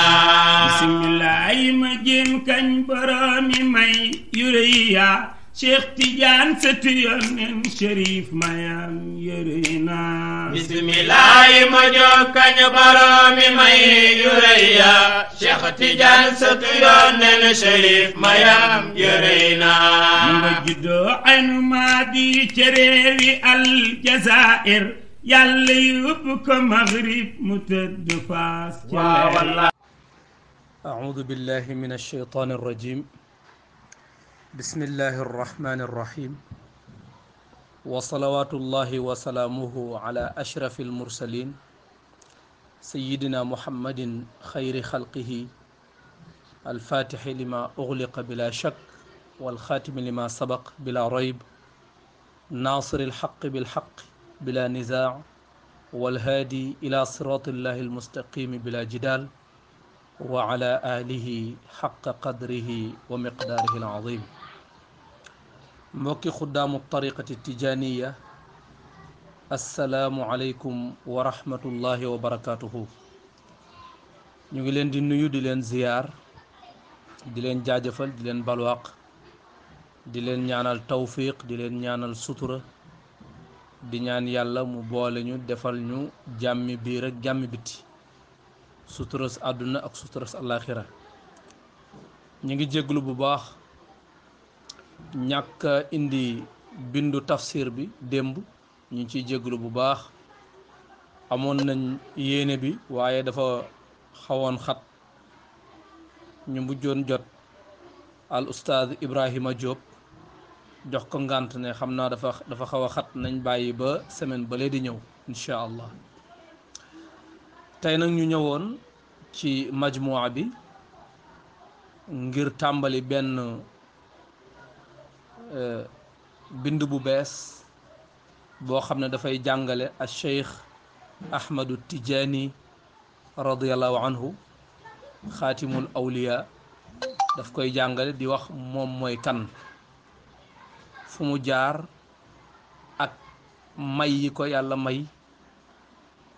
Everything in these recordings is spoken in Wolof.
bismillah bismillah ay ma jéem kañ boromi may yureya Cheikh Tidiane sëtu yoneen Chérif mayam yërëna bismillah ay ma jóg kañ boromi may yureya Cheikh Tidiane sëtu yoneen Chérif mayam yërëna ma juddoo anu maa di cereeri aljazair yàlla yóbbu ko maghrib mu tëdd faas. waaw walla أعوذ بالله من الشيطان الرجيم بسم الله الرحمن الرحيم وصلوات الله وسلامه على أشرف المرسلين سيدنا محمد خير خلقه الفاتح لما أغلق بلا شك والخاتم لما سبق بلا ريب ناصر الحق بالحق بلا نزاع والهادي إلى صراط الله المستقيم بلا جدال وعلى آله حق قدره ومقداره العظيم موكي خدام الطريقة التجانية السلام عليكم ورحمة الله وبركاته نيغلين دي نيو دي لين زيار دي لين جاجفل دي لين بالواق دي لين نيان التوفيق دي لين نيان السطر دي نيان يالا مبوالي نيو جامي بيرك جامي بيتي suturas àdduna ak suturas àllaaxira ñu ngi jéglu bu baax ñàkk indi bindu tafsir bi démb ñu ngi ciy jéglu bu baax amoon nañ yéene bi waaye dafa xawoon xat ñu mujjoon jot al ustaaz Ibrahima Diop jox ko ngànt ne xam naa dafa dafa xaw a xat nañ bàyyi ba semaine ba lee di ñëw incha allah tey nag ñu ñëwoon ci majmua bi ngir tàmbali benn euh, bind bu bees boo xam ne dafay jàngale al cheikh ahmadu tijaani radiallahu anhu xaatimul awliya daf koy jàngale di wax moom mooy kan fu mu jaar ak may yi ko yàlla may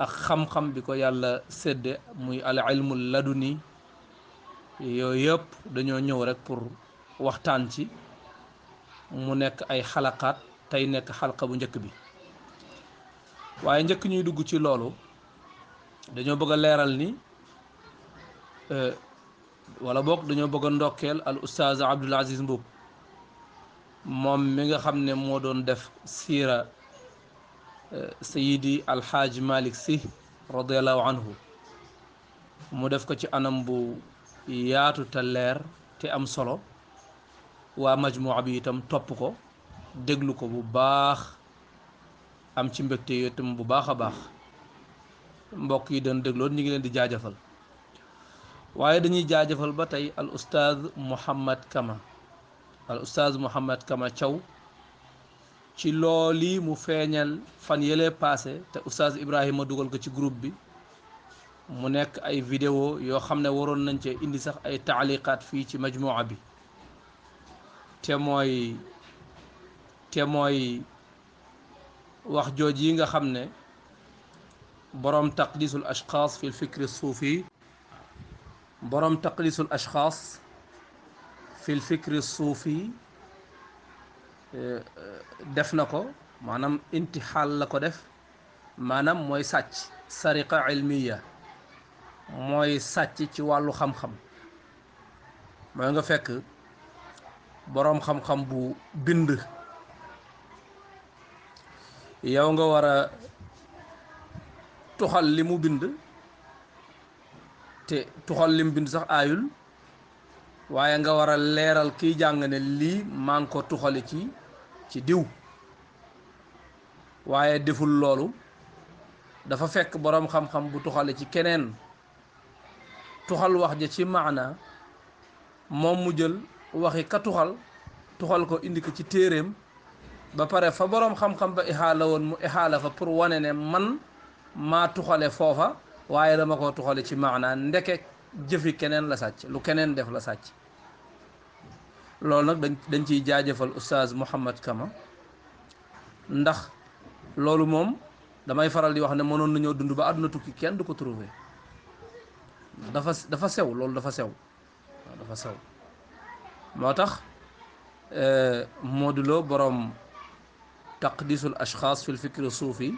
ak xam-xam bi ko yàlla sédde muy al ilmu laduni yooyu yëpp dañoo ñëw rek pour waxtaan ci mu nekk ay xalaqaat tey nekk xalqa bu njëkk bi waaye njëkk ñuy dugg ci loolu dañoo bëgg a leeral ni wala boog dañoo bëgg a ndokkeel al ustaaz Abdul Aziz Mbuub moom mi nga xam ne moo doon def siira sayidi alxaaji malik si radiallahu anhu mu def ko ci anam bu yaatu ta leer te am solo waa majmuu bi itam topp ko déglu ko bu baax am ci mbégte itam bu baax a baax mbokk yi doon dégloo ñu ngi leen di jaajëfal waaye dañuy jaajëfal ba tey al ustaaz Mouhammad Kama al ustaaz Mouhammad Kama caw ci looli mu feeñal fan yële passé te oustaz Ibrahima dugal ko ci groupe bi mu nekk ay vidéo yoo xam ne waroon nañ cee indi sax ay taaliqaat fii ci majmua bi te mooy te mooy wax jooj yi nga xam ne boroom taqdisul ashxaas fi lfikri suufi borom taqdisul ashxaas fi lfikri suufi def na ko maanaam intixaal la ko def maanaam mooy sàcc sariqa ilmiya mooy sàcc ci wàllu xam-xam mooy nga fekk boroom xam-xam bu bind yow nga war a tuxal li mu bind te tuxal li mu bind sax aayul waaye nga war a leeral kiy jàng ne lii maa ngi ko tuxali ci ci diw waaye deful loolu dafa fekk boroom xam-xam bu tuxale ci keneen tuxal wax ja ci maana moom mu jël waxi ka tuxal tuxal ko indi ko ci téeréem ba pare fa boroom xam-xam ba ixaala woon mu ixaala fa pour wane ne man maa tuxale foofa waaye dama ko tuxale ci maana ndeke jëfi keneen la sàcc lu keneen def la sàcc loolu nag dañ dañ ciy jaajëfal oustaz Mouhamed Kama ndax loolu moom damay faral di wax ne mënoon nañoo dund ba àdduna tukki kenn du ko trouver dafa dafa sew loolu dafa sew waaw dafa sew moo tax euh, Modou Lo borom taqdisul ashxaas fil fikri suufi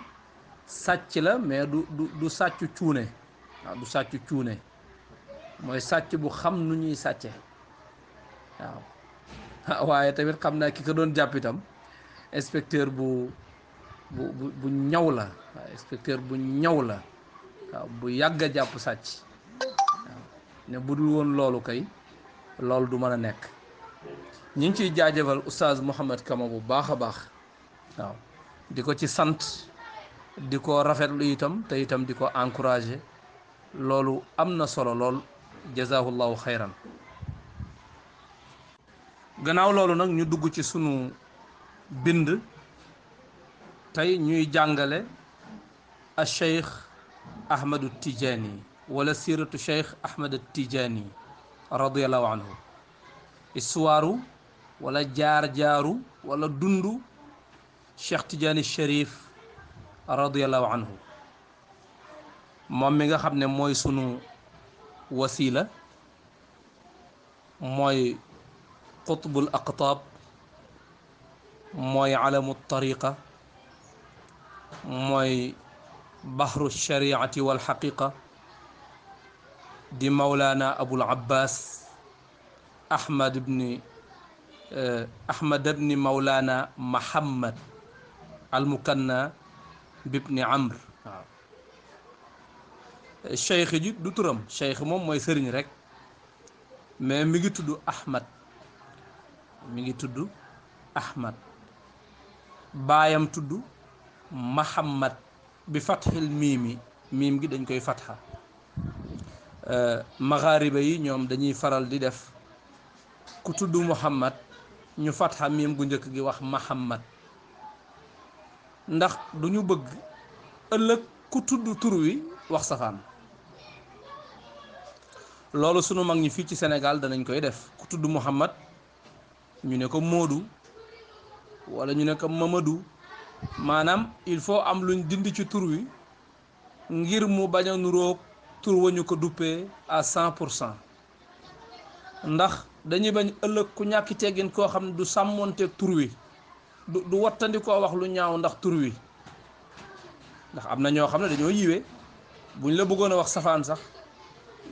sàcc la mais du du du sàccu cuune waaw du sàccu cuune mooy sàcc bu xam nu ñuy sàcce waaw waaye tamit xam naa ki ko doon jàpp itam inspecteur bu bu bu ñaw la waaw inspecteur bu ñaw la waaw bu yàgg a jàpp sàcc ne bu dul woon loolu kay loolu du mën a nekk ñu ngi ciy jaajëfal oustaz Mouhamed Kama bu baax a baax waaw di ko ci sant di ko rafet lu itam te itam di ko encouragé loolu am na solo lool jazaahu llahu xayran gannaaw loolu nag ñu dugg ci sunu bind tey ñuy jàngale a cheikh ahmadu tijani wala siratu cheikh ahmadu tijani radiallahu anhu histoire wala jaar-jaaru wala dundu cheikh tijani sharif radiallahu anhu moom mi nga xam ne mooy sunu wasila mooy قطب الأقطاب موي علم الطريقة موي بحر الشريعة والحقيقة دي مولانا أبو العباس أحمد بن آه، أحمد بن مولانا محمد المكنى بابن عمرو الشيخ جي دوترم الشيخ موم موي سيرن ريك مي ميغي تودو احمد mi ngi ahmad bayam tuddu mahammad bi fathil mimi, mim gi dañ koy fatha euh, magharibe yi ñom dañuy faral di def ku tuddu muhammad ñu fatha mim gu ñëk gi wax mahammad ndax duñu bëgg ëlëk ku tuddu turu wi wax safan lolu sunu mag ñi ci koy def ku tuddu muhammad ñu ne ko Moodu wala ñu ne ko Mamadou maanaam il faut am luñ dindi ci tur wi ngir mu bañ a nuroog tur wa ñu ko duppee à cent pour cent ndax dañuy bañ ëllëg ku ñàkki teggin koo xam ne du sàmmonteeg tur wi du du wattandi wax lu ñaaw ndax tur wi ndax am na ñoo xam ne dañoo yiwee buñ la bëggoon a wax safaan sax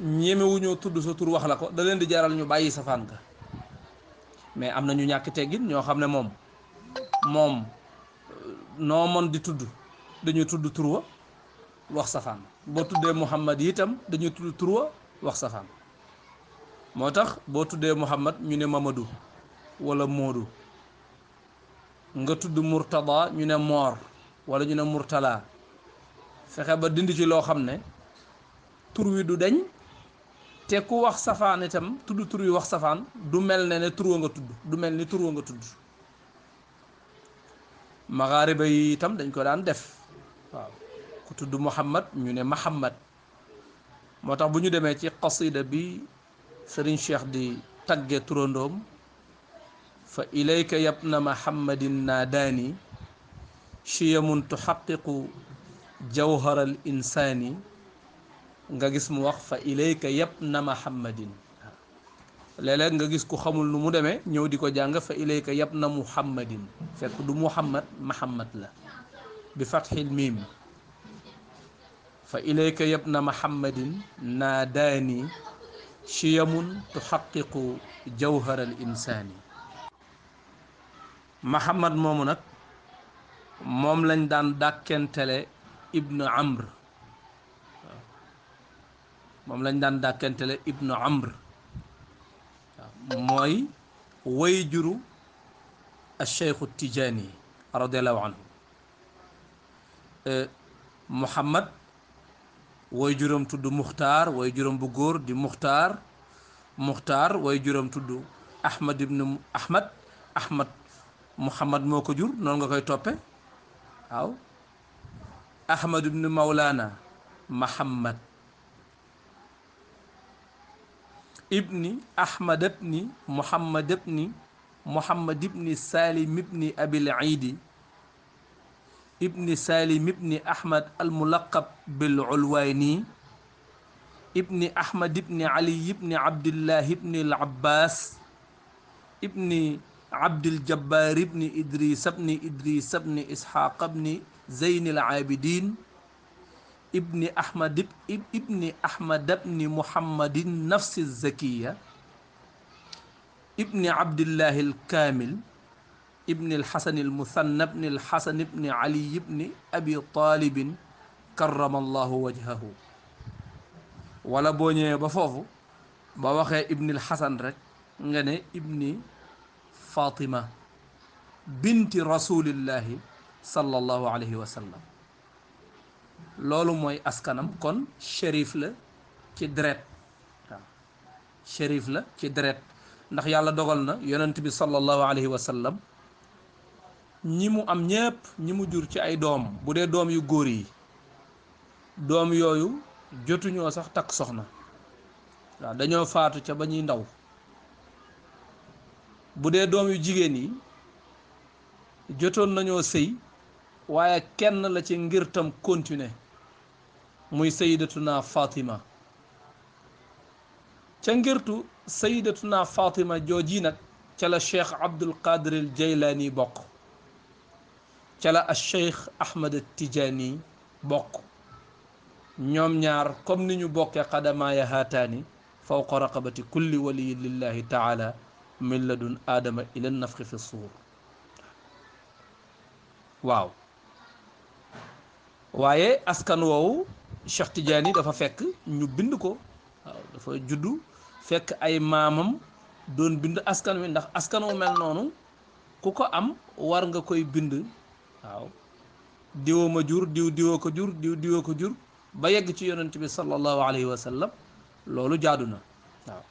ñemewuñoo tudd sa tur wax la ko da leen di jaral ñu bàyyi safaan ga mais am na ñu ñàkk teggin ñoo xam ne moom moom euh, noo mën di tudd dañuy tudd turwa wax safaan boo tuddee Muhammad itam dañuy tudd turwa wax safaan moo tax boo tuddee Muhammad ñu ne Mamadou walla Moodu nga tudd Murtada ñu ne Moor wala ñu ne Murtala fexe ba dind ci loo xam ne tur wi du deñ te ku wax safaan itam tudd tur yu wax safaan du mel ne ne nga tudd du mel ni nga tudd maxaariba yi itam dañ ko daan def waaw ku tudd muhammad ñu ne muhammad motax buñu démé ci qasida bi serigne cheikh di tagge turondom fa ilayka yabna muhammadin nadani shiyamun tuhaqqiqu jawhara al insani nga gis mu wax fa ilayka yab na muhammadin léeg-léeg nga gis ku xamul nu mu demee ñëw di ko jàng fa ilayka yab na muhammadin fekk du muhammad mahammad la bi fatxil miim fa ilayka yab na muhammadin naa daani chiyamun tuxaqiqu jawharal insaani mahammad moomu nag moom lañ daan dàkkentele ibnu amr moom lañ daan dàkkantele ibnu amr mooy way juru alcheikhu tijaani radiallahu anhu muhammad way juróom tudd muxtaar way juróom bu góor di muxtaar muxtaar way juróom tudd ahmad ibnu ahmad ahmad muhammad moo ko jur noonu nga koy toppe waaw ahmad ibnu mawlana mahammad ابن أحمد ابن محمد ابن محمد ابن سالم ابن أبي العيد ابن سالم ابن أحمد الملقب بالعلواني ابن أحمد ابن علي ابن عبد الله ابن العباس ابن عبد الجبار ابن إدريس ابن إدريس ابن إسحاق ابن زين العابدين ibni ahmad ibni ahmad ibni muhammadin nafsi zakiya ibni abdillahi alkaamil ibni alxasani almusanna ibni alxasan ibni ali ibni abi taalibin karrama allahu wajhahu wala boo ñëwee ba foofu ba waxee ibni alxasan rek nga ne ibni fatima binti rasulillahi sallallahu alayhi wa sallam loolu mooy askanam kon shérif la ci deret waaw shérif la ci deret ndax yàlla dogal na yonent bi sallallahu alayhi wa sallam ñi mu am ñépp ñi mu jur ci ay doom bu dee doom yu góor yi doom yooyu jotuñoo sax takk soxna waaw dañoo faatu ca ba ñuy ndaw bu dee doom yu jigéen yi jotoon nañoo sëy waaye kenn la ci ngir tam continuer muy sayidatuna fatima ca ngirtu sayidatuna fatima jooji nag ca la cheikh abdul qadir al jaylaani bokk ca la al cheikh ahmad tijaani bokk ñoom ñaar comme ni ñu bokkee xadamaaya haataani fawqa raqabati kulli waliyin lillahi taala min ladun aadama ila nafxi fi suur waaw waaye askan woowu Cheikh Tidiane dafa fekk ñu bind ko waaw dafa judd fekk ay maamam doon bind askan wi ndax askan wu mel noonu ku ko am war nga koy bind waaw diwoo ma jur diw diwoo ko jur diw diwoo ko jur ba yegg ci yonent bi sallallahu alayhi wa sallam loolu jaadu na waaw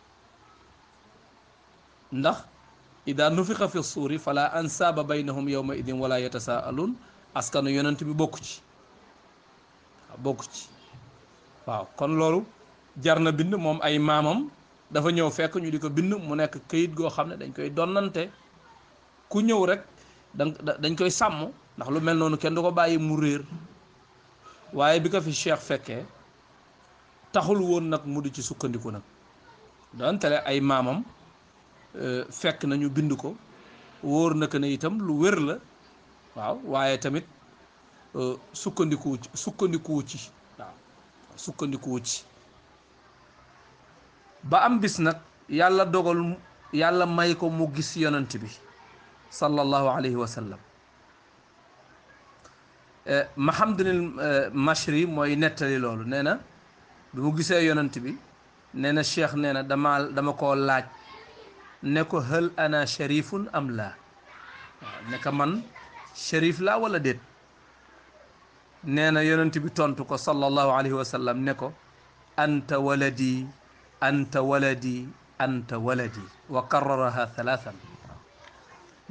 ndax ida nufiqa fi suuri fala ansaaba baynahum yawma idin wala yatasaalun askanu yonent bi bokku ci bokku ci waaw kon loolu jar na bind moom ay maamam dafa ñëw fekk ñu di ko bind mu nekk kayit goo xam ne dañ koy donnante ku ñëw rek dañ koy sàmm ndax lu mel noonu kenn du ko bàyyi mu réer waaye bi ko fi cheikh fekkee taxul woon nag mu di ci sukkandiku nag doontale ay maamam euh, fekk nañu bind ko wóor na ne itam lu wér la waaw waaye tamit euh, sukkandiku sukkandiku ci sukkandikuwu ci ba am bis nag yàlla dogal yàlla may ko mu gis yonent bi sallallahu alayhi wa sallam mahamdunil eh, eh, mashri mooy nettali loolu nee na bi mu gisee yonent bi nee na cheikh nee na dama dama ko laaj ne ko hël ana sharifun am laa ne ko man sharif laa wala déet نانا يونتي بتون تكو صلى الله عليه وسلم نكو أنت ولدي أنت ولدي أنت ولدي وكررها ثلاثا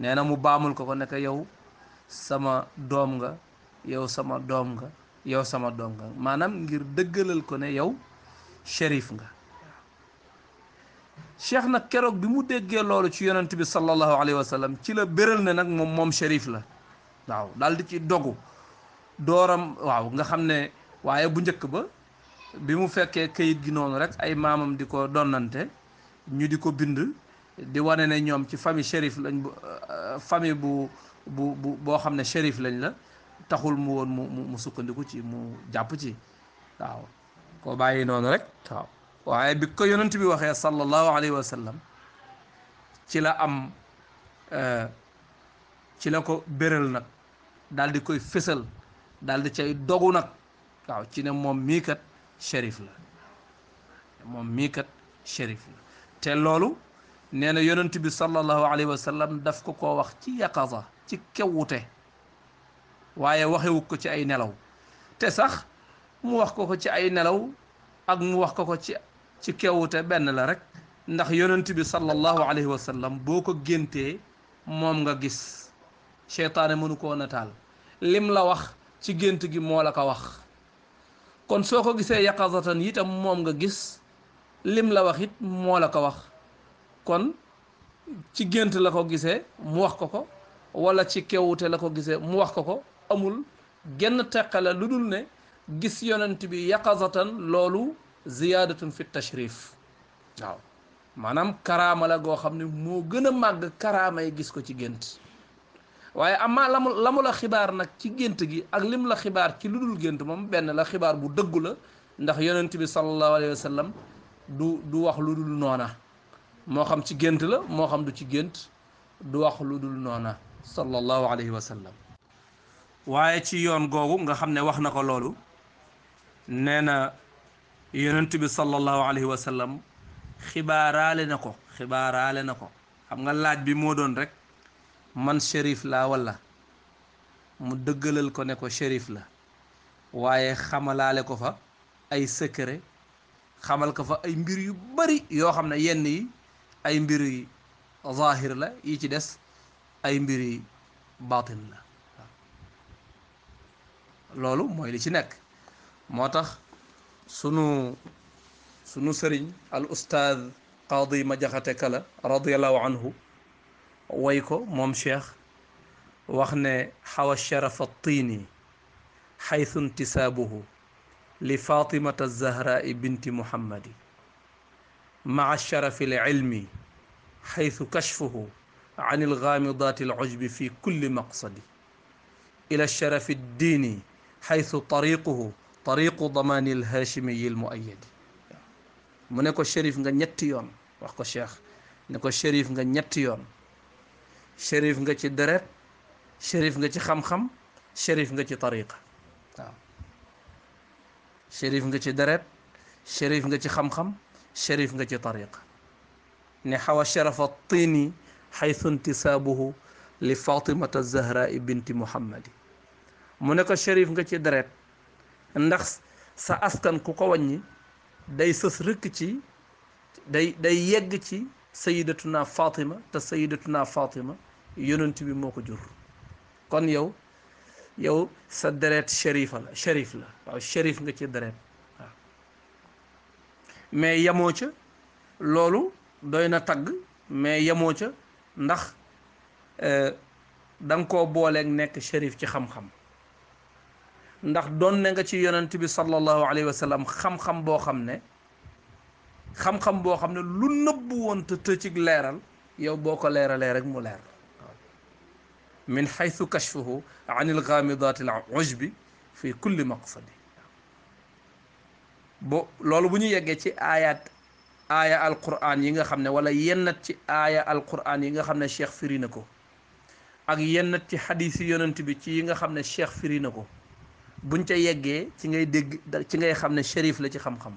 نانا مبامل كو نكا يو سما دومغا يو سما دومغا يو سما دومغا مانام نم غير دغلل كو ني يو شريف غا شيخنا كيروك بيمو دغي لولو تي يونتي بي صلى الله عليه وسلم تي لا بيرل ني نك موم شريف لا داو دال دوغو dooram waaw nga xam ne waaye bu njëkk ba bi mu fekkee kayit gi noonu rek ay maamam di ko donnante ñu di ko bind di wane ne ñoom ci famille shérif lañ euh, famille bu bu bu boo xam ne shérif lañ la taxul mu woon mu sukkandiku ci mu jàpp ci waaw koo bàyyi noonu rek waaye bi ko yonent bi waxee sallallahu alayhi wa sallam ci la am euh, ci la ko béral nag daal di koy fësal daal di cay dogu nag waaw ci ne moom mii kat shérif la moom mii kat te loolu nee na yonent bi sallallahu alayhi wa sallam daf ko ko wax ci yaqaza ci kewute waaye waxewu ko ci ay nelaw te sax mu wax ko ko ci ay nelaw ak mu wax ko ko ci ci kewute benn la rek ndax yonent bi sallallahu alayhi wa sallam boo ko géntee moom nga gis seytaane mënu koo nataal lim la wax ci gént gi moo la ko wax kon soo ko gisee yaqazatan itam moom nga gis lim la wax it moo la ko wax kon ci gént la ko gisee mu wax ko ko wala ci kewute la ko gisee mu wax ko ko amul genn teqale lu dul ne gis yonent bi yaqazatan loolu ziyaadatun fi tashrif waaw maanaam karaama la goo xam ne moo gën a màgg karaamay gis ko ci gént waaye amaa la mu la xibaar nag ci gént gi ak lim la xibaar ci lu dul gént moom benn la xibaar bu dëggu la ndax yonent bi sallallahu alayhi wa sallam du du wax lu dul noona moo xam ci gént la moo xam du ci gént du wax lu dul noona sallallahu alayhi wa sallam waaye ci yoon googu nga xam ne wax na ko loolu nee na yonent bi sallallahu alayhi wa sallam xibaaraale na ko xibaaraale na ko xam nga laaj bi moo doon rek man shérif laa walla mu dëggalal ko ne ko shérif la waaye xamalaale ko fa ay secret xamal ko fa ay mbir yu bari yoo xam ne yenn yi ay mbir yi zahir la yi ci des ay mbir yi baatin la loolu mooy li ci nekk moo tax sunu sunu sëriñ al ustaaz qaadi ma jaxate kala radiallahu anhu ويكو موم شيخ وخنا حوى الشرف الطيني حيث انتسابه لفاطمة الزهراء بنت محمد مع الشرف العلمي حيث كشفه عن الغامضات العجب في كل مقصد إلى الشرف الديني حيث طريقه طريق ضمان الهاشمي المؤيد منكو الشريف نتيون وخو الشيخ نكو الشريف نتيون shérif nga ci deret shérif nga ci xam-xam shérif nga ci tariqa waaw shérif nga ci deret shérif nga ci xam-xam shérif nga ci tariqa ne xawa sharafa tini xaytu intisaabuhu li fatima zahrai binti muhammadi mu ne ko shérif nga ci deret ndax sa askan ku ko wàññi day sës rëkk ci day day yegg ci sayidatuna fatima te sayidatuna fatima yonent bi moo ko jur kon yow yow sa deret shérifa la shérif la waaw shérif nga ci deret mais yemoo ca loolu doy na tagg mais yemoo ca ndax euh, da nga koo booleek nekk sherif ci xam-xam ndax doon na nga ci yonent bi sallallahu alayhi wa sallam xam-xam boo xam ne xam-xam boo xam ne lu nëbb woon te leeral yow boo ko leeralee rek mu leer من حيث كشفه عن الغامضات العجب في كل مقصد لول بو نيو آيات آية القرآن ييغا خامن ولا ينت آية القرآن ييغا خامن شيخ فرينكو اك ينت تي حديث بي تي ييغا شيخ فرينكو بون تي ييغي تي غاي ديغ شريف لا تي خام خام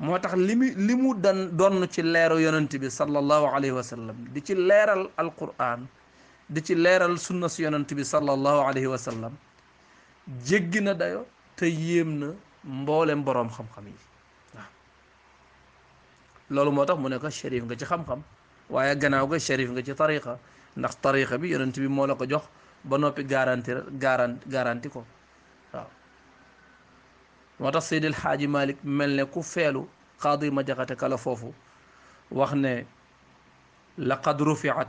موتاخ ليمي ليمو تي ليرو يونت بي صلى الله عليه وسلم دي تي ليرال القرآن di ci leeral sunna si yonent bi sallallahu alayhi wa sallam jéggi na dayo te yéem na mboolem boroom xam-xam yi loolu moo tax mu nekk ko nga ci xam-xam waaye gannaaw ga shérif nga ci tariqa ndax tariqa bi yonent bi moo la ko jox ba noppi garanti garan garanti ko waaw moo tax Seydil Xaaji Malik mel ne ku feelu xaadi ma jaxate kala foofu wax ne laqad rufiat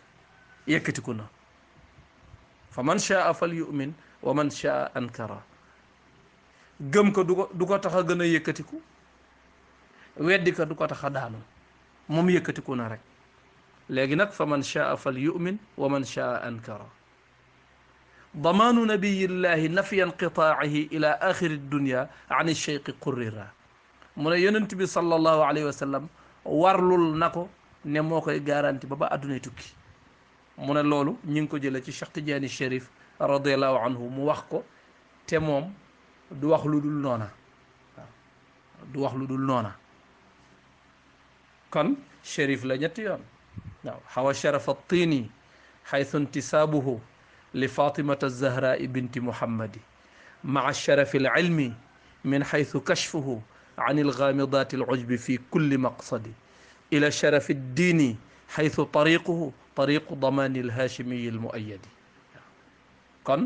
yëkkatiku na fa man shaa fal yu'min wa man shaa ankara gëm ko du ko du ko tax a gën a yëkkatiku weddi ko du ko tax a daanu moom yëkkatiku na rek léegi nag fa man shaa fal yu'min wa man shaa ankara damaanu nabiyillahi nafya inqitaacihi ila axiri dunya an ilcheyqi qurrira mu ne yonent bi sallallahu alayhi wa sallam warlul na ko ne moo koy garanti ba ba addunay tukki mu ne loolu ñu ngi ko jëlee ci Cheikh Tidiane Chérif radiallahu anhu mu wax ko te moom du wax lu dul noona waaw du wax lu dul noona kon Chérif la ñetti yoon waaw xawa sharafa tiini xaytu intisaabuhu li fatimata alzahrai binti muhammadi maa sharafi alilmi min xaytu kashfuhu عن الغامضات العجب في كل مقصد إلى شرف الدين حيث طريقه طريق ضمان الهاشمي المؤيد كان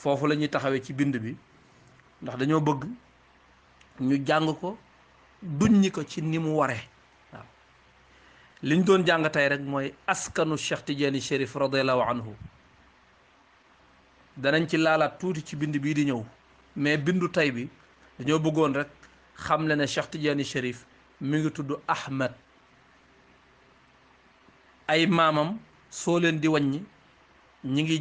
فوفو لا ني تخاوي سي بند بي ناخ دانيو بوغ ني جانغ كو دوني كو سي نيمو واري لين دون جانغ تاي رك موي اسكن الشيخ تجاني شريف رضي الله عنه دا نان سي لالا توتي سي بند بي دي نيو مي بندو تاي بي دانيو بوغون رك خام لنا الشيخ تجاني شريف ميغي تودو احمد ay mamam so len di wagn ñi ngi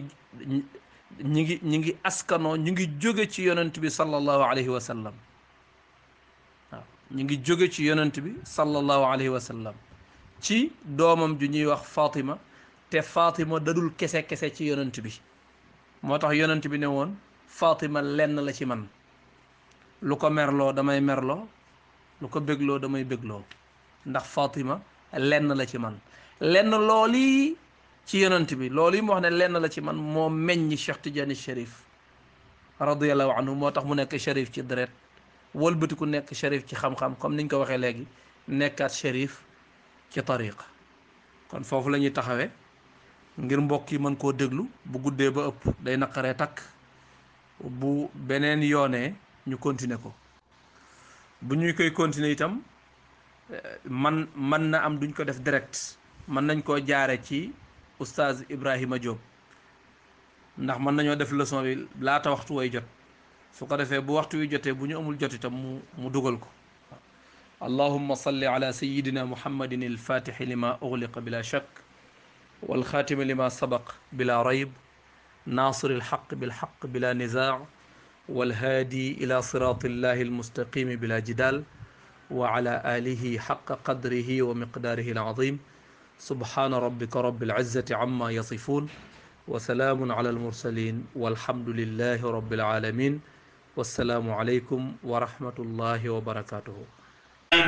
ñi ngi ñi ngi askano ñu ngi jóge ci yonent bi sallallahu alayhi wa sallam waaw ngi jóge ci yonent bi sallallahu alayhi wa sallam ci domam ju ñi wax Fatima te Fatima dadul kese kese ci yonent bi motax yonent bi newon Fatima len la ci man lu ko merlo damay merlo lu ko beglo damay beglo ndax Fatima len la ci man lenn lool looli ci yonent bi loolu yi mu wax ne lenn la ci man moo meññ Cheikh Tidiane Chérif radiyallahu anhu moo tax mu nekk Chérif ci deret wëlbati ku nekk Chérif ci xam-xam comme niñ ko waxee léegi nekkaat Chérif ci tariqa kon foofu la ñuy taxawee ngir mbokk yi mën koo déglu bu guddee ba ëpp day naqaree takk bu beneen yoonee ñu continuer ko bu ñuy koy continuer itam eh, man mën na am duñ ko def direct man nañ ko jaaré ci oustaz ibrahima job ndax man nañu def leçon bi la ta waxtu way jot su ko defé bu waxtu yu joté buñu amul joté tam mu mu duggal اللهم صل على سيدنا محمد الفاتح لما أغلق بلا شك والخاتم لما سبق بلا ريب ناصر الحق بالحق بلا نزاع والهادي إلى صراط الله المستقيم بلا جدال وعلى آله حق قدره ومقداره العظيم سبحان ربك رب العزة عما يصفون وسلام على المرسلين والحمد لله رب العالمين والسلام عليكم ورحمة الله وبركاته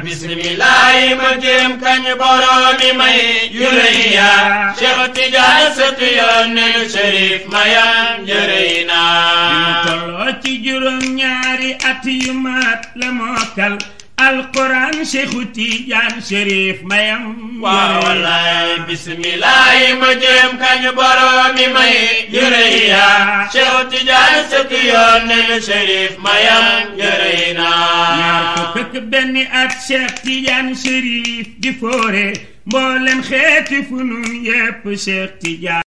بسم الله مجيم كان برامي مي يريا شيخ تجاه سطيان الشريف ميان يرينا بمطرات جرم ياري أتي مات لما alquran Seexu Tijaan Sariif mayam. waaw wallaay bisimilah ma jéem kañu boromi may. yore ya Seexu Tijaan sëkk yoon nañu Sariif mayam yore naa. ñaar fukk ak benn at Seex Tijaan di foore mboolem xeeti fu nu Seex Tijaan.